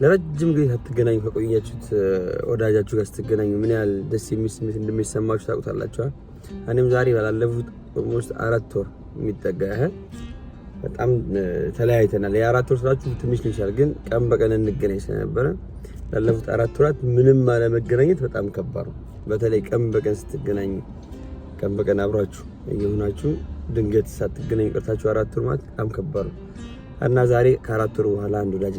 ለረጅም ጊዜ ሳትገናኙ ከቆያችሁት ወዳጃችሁ ጋር ስትገናኙ ምን ያህል ደስ የሚል ስሜት እንደሚሰማችሁ ታውቁታላችኋል። እኔም ዛሬ ባላለፉት ኦልሞስት አራት ወር የሚጠጋ ያህል በጣም ተለያይተናል። የአራት ወር ስራችሁ ትንሽ ይችላል፣ ግን ቀን በቀን እንገናኝ ስለነበረ ላለፉት አራት ወራት ምንም አለመገናኘት በጣም ከባድ ነው። በተለይ ቀን በቀን ስትገናኙ፣ ቀን በቀን አብራችሁ እየሆናችሁ ድንገት ሳትገናኝ ቀርታችሁ አራት ወር ማለት በጣም ከባድ ነው እና ዛሬ ከአራት ወር በኋላ አንድ ወዳጅ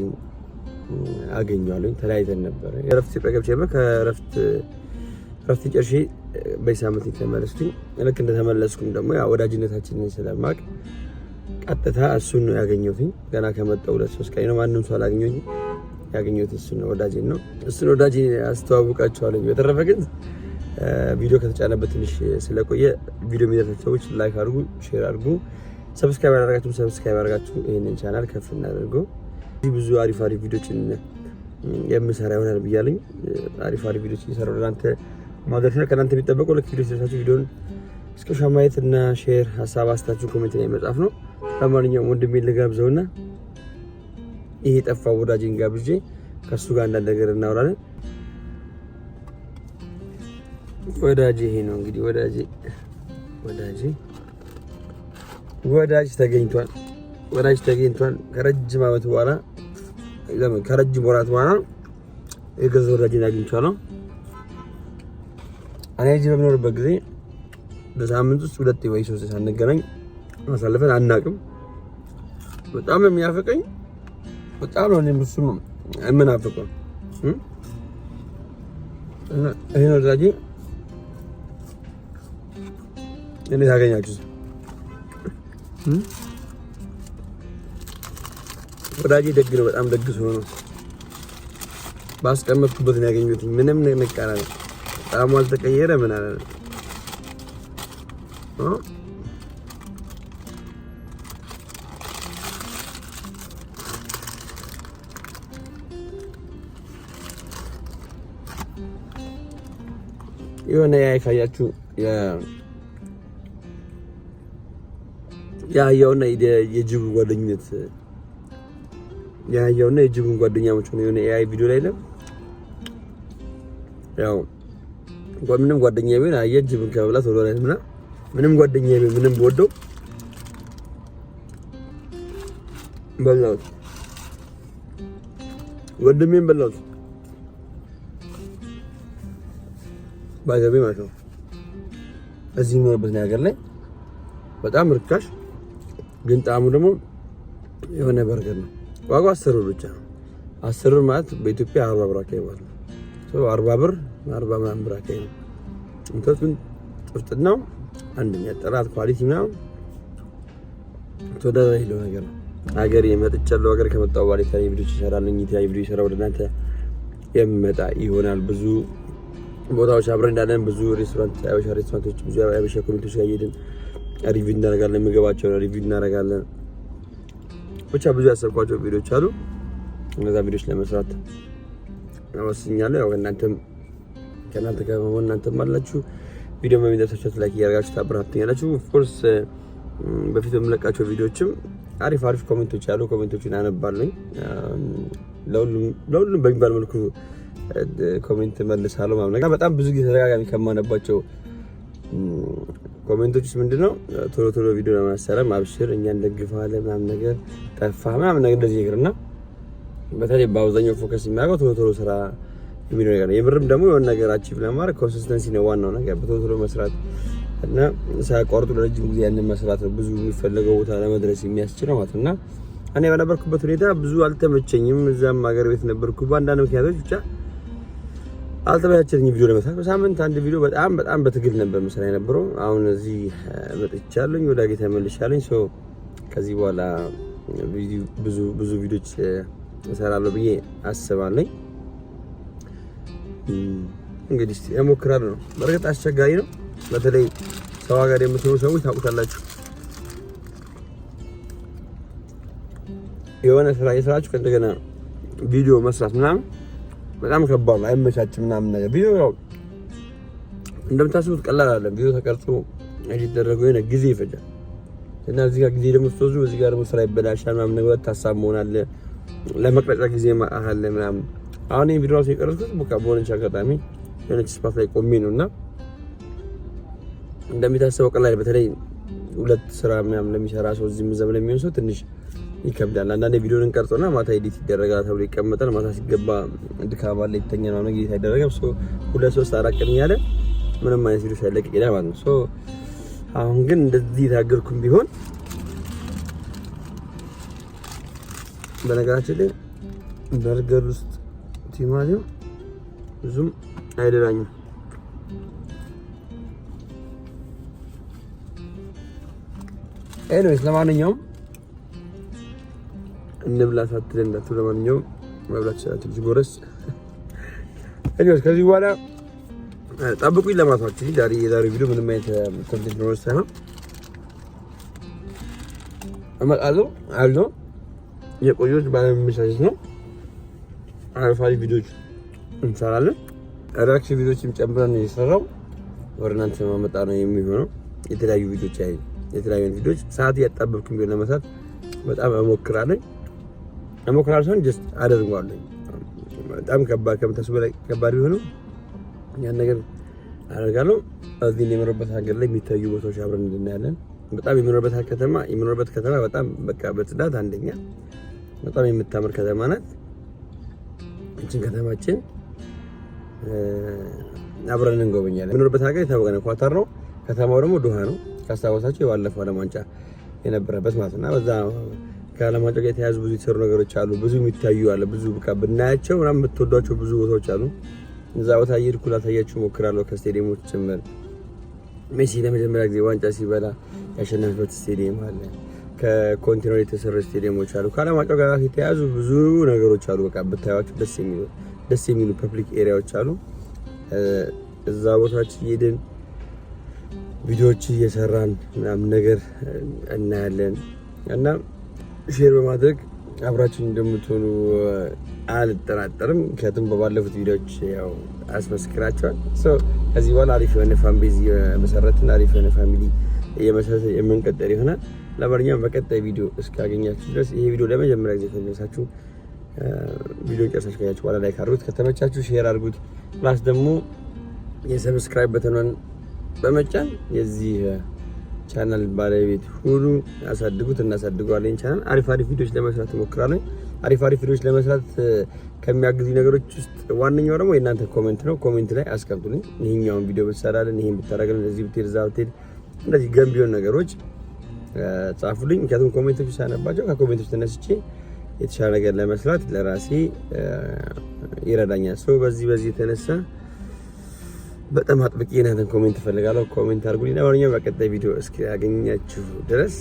አገኘዋለኝ ተለያይተን ነበረ። ረፍት ኢትዮጵያ ገብቼ ነበር። ከረፍት ጨርሼ በዚህ ሳምንት የተመለስኩኝ። ልክ እንደተመለስኩም ደግሞ ወዳጅነታችንን ስለማቅ ቀጥታ እሱን ነው ያገኘሁትኝ። ገና ከመጣሁ ሁለት ሶስት ቀን ነው። ማንም ሰው አላገኘኝ። ያገኘት እሱን ነው፣ ወዳጄን ነው። እሱን ወዳጅ አስተዋውቃቸዋለኝ። በተረፈ ግን ቪዲዮ ከተጫነበት ትንሽ ስለቆየ ቪዲዮ የሚደርሳቸው ሰዎች ላይክ አድርጉ፣ ሼር አድርጉ፣ ሰብስክራይብ ያደረጋችሁ ሰብስክራይብ ያደረጋችሁ ይህንን ቻናል ከፍ እናደርገው። እዚህ ብዙ አሪፍ አሪፍ ቪዲዮችን የምሰራ ይሆናል ብያለኝ። አሪፍ አሪፍ ቪዲዮችን እየሰራ ለናንተ ማድረስ ነው። ከእናንተ የሚጠበቀው ልክ ቪዲዮ ስለሳችሁ ቪዲዮን እስከሻ ማየት እና ሼር ሀሳብ አስታችሁ ኮሜንት ላይ መጻፍ ነው። ለማንኛውም ወንድሜ ልጋብዘው ልጋብዘውና ይሄ ጠፋ ወዳጅን ጋብዤ ከእሱ ጋር አንዳንድ ነገር እናወራለን። ወዳጅ ይሄ ነው እንግዲህ ወዳጅ ወዳጅ ወዳጅ ተገኝቷል። ወዳጅ ተገኝቷል። ከረጅም ዓመት በኋላ ለምን ከረጅም ወራት በኋላ የገዛ ወዳጅን አግኝቻለሁ። እኔ እዚህ በምኖርበት ጊዜ በሳምንት ውስጥ ሁለት ወይ ሶስት ሳንገናኝ አሳልፈን አናውቅም። በጣም የሚያፈቀኝ በጣም ነው እኔም እሱም የምናፍቀው። ይህን ወዳጅ እንዴት አገኛችሁት? ወዳጄ ደግ ነው፣ በጣም ደግ ስለሆነ ባስቀመጥኩበት ነው ያገኘሁት። ምንም ንቃራ ነው ጣዕሙ አልተቀየረ ምን አለ የሆነ ያ ካያችሁ የአህያውና የጅብ ጓደኝነት የአህያውና የጅቡን ጓደኛሞች ነው የሆነ ኤአይ ቪዲዮ ላይ ለም ያው ምንም ጓደኛ ቢሆን አየ ጅብን ከመብላት ወደ ላይ ምና ምንም ጓደኛ ቢሆን ምንም ብወደው በላሁት፣ ወንድሜም በላሁት ባይዘቤ ማለት ነው። እዚህ የሚኖርበት ሀገር ላይ በጣም ርካሽ ግን ጣዕሙ ደግሞ የሆነ በርገር ነው። ዋጋው አስር ብር ብቻ ነው። አስር ብር ማለት በኢትዮጵያ አርባ ብር አካባቢ ማለት ነው። አርባ ብር አርባ ምናምን ብር አካባቢ ነው። እንትን ጥፍጥናው አንደኛ ጥራት ኳሊቲ ምናምን ተወዳዳሪ ለው ነገር ነው። ሀገር የመጥቻለሁ ሀገር ከመጣሁ በኋላ የተለያዩ ቪዲዮች ይሰራል የተለያዩ ቪዲዮ ይሰራ ወደ እናንተ የምመጣ ይሆናል። ብዙ ቦታዎች አብረን እንዳለን ብዙ ሬስቶራንት ያበሻ ሬስቶራንቶች ብዙ ያበሻ ኮሚኒቲዎች ጋር እየሄድን ሪቪው እናደርጋለን። ምግባቸውን ሪቪው እናደርጋለን። ብቻ ብዙ ያሰብኳቸው ቪዲዮች አሉ። እነዛ ቪዲዮች ለመስራት ወስኛለሁ። ያው እናንተም ከእናንተ ጋር እናንተም አላችሁ ቪዲዮ በሚደርሳቸው ላይክ እያደርጋችሁ ታበረታቱኛላችሁ። ኦፍኮርስ በፊት በምለቃቸው ቪዲዮችም አሪፍ አሪፍ ኮሜንቶች ያሉ ኮሜንቶችን አነባለኝ። ለሁሉም በሚባል መልኩ ኮሜንት መልሳለሁ። በጣም ብዙ ጊዜ ተደጋጋሚ ከማነባቸው ኮሜንቶች ውስጥ ነው? ቶሎ ቶሎ ቪዲዮ ለማሰራም አብሽር እኛ እንደግፈዋለን ምናምን ነገር ጠፋ ምናምን ነገር እንደዚህ ነገር እና በተለይ በአብዛኛው ፎከስ የሚያደርገው ቶሎ ቶሎ ስራ የሚለው ነገር ነው። የምርም ደግሞ የሆነ ነገር አቺቭ ለማድረግ ኮንሲስተንሲ ነው ዋናው ነገር በቶሎ ቶሎ መስራት እና ሳያቋርጡ ለረጅም ጊዜ ያንን መስራት ነው ብዙ የሚፈለገው ቦታ ለመድረስ የሚያስችለው ማለት እና እኔ በነበርኩበት ሁኔታ ብዙ አልተመቸኝም። እዛም ሀገር ቤት ነበርኩ በአንዳንድ ምክንያቶች ብቻ አልተመቻቸልኝ ቪዲዮ ለመስራት። በሳምንት አንድ ቪዲዮ በጣም በጣም በትግል ነበር መስራ የነበረው። አሁን እዚህ መጥቻለሁኝ፣ ወደ ጌታ ሶ ከዚህ በኋላ ብዙ ብዙ ቪዲዮች እሰራለሁ ብዬ አስባለኝ። እንግዲህ እሞክራለሁ ነው። በእርግጥ አስቸጋሪ ነው። በተለይ ሰው ሀገር የምትኖሩ ሰዎች ታውቁታላችሁ። የሆነ ስራ የስራችሁ ከእንደገና ቪዲዮ መስራት ምናምን በጣም ከባድ ነው። አይመቻችም ምናምን ነገር ቪዲዮ ያው እንደምታስቡት ቀላል አይደለም። ቪዲዮ ተቀርጾ ኤዲት ተደረገ የሆነ ጊዜ ይፈጃል እና እዚህ ጋር ጊዜ ደግሞ ስትወዙ እዚህ ጋር ደግሞ ስራ ይበላሻል ምናምን ነገር ሀሳብ መሆን አለ። ለመቅረጫ ጊዜ አለ ምናምን። አሁን ይህ ቪዲዮ የቀረጽኩት በቃ በሆነች አጋጣሚ የሆነች ስፓት ላይ ቆሜ ነው እና እንደሚታሰበው ቀላል በተለይ ሁለት ስራ ምናምን ለሚሰራ ሰው እዚህ ምዘብ ለሚሆን ሰው ትንሽ ይከብዳል። አንዳንዴ ቪዲዮን እንቀርጾና ማታ ኤዲት ይደረጋል ተብሎ ይቀመጣል። ማታ ሲገባ ድካም አለ፣ ይተኛ ነው ጌታ አይደረገም። ሁለት ሶስት አራት ቀን እያለ ምንም አይነት ቪዲዮ ሳይለቅ ይላል ማለት ነው። ሶ አሁን ግን እንደዚህ የታገልኩም ቢሆን በነገራችን ላይ በርገር ውስጥ ቲማቲም ብዙም አይደላኝም። ኤኒዌይስ ለማንኛውም እንብላ ሳትል እንዳት ለማንኛውም መብላት ይችላችሁ። ልጅ ጎረስ እኔስ ከዚህ በኋላ ጠብቁኝ ለማለት ነው። እንግዲህ ዛሬ የዛሬው ቪዲዮ ምንም አይነት ኮንቴንት ነው ሳይሆን እመጣለሁ አሉ የቆየሁት ባለመመቻቸት ነው። አሪፍ ቪዲዮች እንሰራለን። ሪአክሽን ቪዲዮችም ጨምረን እየሰራው ወደ እናንተ ማመጣ ነው የሚሆነው። የተለያዩ ቪዲዮች አይ የተለያዩ ቪዲዮች ሰዓት እያጣበብኩኝ ቢሆን ለመስራት በጣም እሞክራለሁ። ለሞክራል ሲሆን ጀስት አደርገዋለሁ። በጣም ከባድ ከምታስ በላይ ከባድ ቢሆንም ያን ነገር አደርጋለሁ። እዚህ የምኖርበት ሀገር ላይ የሚታዩ ቦታዎች አብረን እንድናያለን። በጣም የምኖርበት ከተማ የምኖርበት ከተማ በጣም በቃ በጽዳት አንደኛ በጣም የምታምር ከተማ ናት። እችን ከተማችን አብረን እንጎበኛለን። የምኖርበት ሀገር የታወቀ ነው፣ ኳታር ነው። ከተማው ደግሞ ዶሃ ነው። ካስታወሳቸው የባለፈው ዓለም ዋንጫ የነበረበት ማለት ነው እና በዛ ከዓለም ጋር የተያዙ ብዙ የተሰሩ ነገሮች አሉ። ብዙ የሚታዩ አለ። ብዙ በቃ ብናያቸው ምናምን የምትወዷቸው ብዙ ቦታዎች አሉ። እዛ ቦታ እየሄድኩ ላሳያችሁ እሞክራለሁ ከስቴዲየሞች ጭምር ሜሲ ለመጀመሪያ ጊዜ ዋንጫ ሲበላ ያሸነፈበት ስቴዲየም አለ። ከኮንቴነር የተሰሩ ስቴዲየሞች አሉ። ከዓለም ጋር የተያዙ ብዙ ነገሮች አሉ። በቃ ብታያቸው ደስ የሚሉ ደስ የሚሉ ፐብሊክ ኤሪያዎች አሉ። እዛ ቦታዎች እየሄድን ቪዲዮዎች እየሰራን ምናምን ነገር እናያለን እና ሼር በማድረግ አብራችን እንደምትሆኑ አልጠራጠርም። ምክንያቱም በባለፉት ቪዲዮዎች ያው አስመስክራቸዋል። ከዚህ በኋላ አሪፍ የሆነ ፋን ቤዝ የመሰረትን አሪፍ የሆነ ፋሚሊ የመሰረት የምንቀጠል ይሆናል። ለማንኛውም በቀጣይ ቪዲዮ እስካገኛችሁ ድረስ ይሄ ቪዲዮ ለመጀመሪያ ጊዜ ከደረሳችሁ ቪዲዮ ጨርሳችሁ ካያችሁ በኋላ ላይክ አድርጉት፣ ከተመቻችሁ ሼር አድርጉት፣ ፕላስ ደግሞ የሰብስክራይብ በተኗን በመጫን የዚህ ቻናል ባለቤት ሁሉ ያሳድጉት፣ እናሳድገዋለን። ቻናል አሪፍ አሪፍ ቪዲዮዎች ለመስራት እሞክራለሁ። አሪፍ አሪፍ ቪዲዮዎች ለመስራት ከሚያግዙ ነገሮች ውስጥ ዋነኛው ደግሞ የእናንተ ኮሜንት ነው። ኮሜንት ላይ አስቀምጡልኝ። ይህኛውን ቪዲዮ ብትሰራልን፣ ይህን ብታደረግልን፣ እዚህ ብትሄድ፣ እዛ ብትሄድ፣ እንደዚህ ገንቢውን ነገሮች ጻፉልኝ። ምክንያቱም ኮሜንቶች ሳነባቸው ከኮሜንቶች ተነስቼ የተሻለ ነገር ለመስራት ለራሴ ይረዳኛል። ሰው በዚህ በዚህ የተነሳ በጣም አጥብቄ እናንተን ኮሜንት እፈልጋለሁ። ኮሜንት አድርጉልኝ። ለማንኛውም በቀጣይ ቪዲዮ እስኪ ያገኛችሁ ድረስ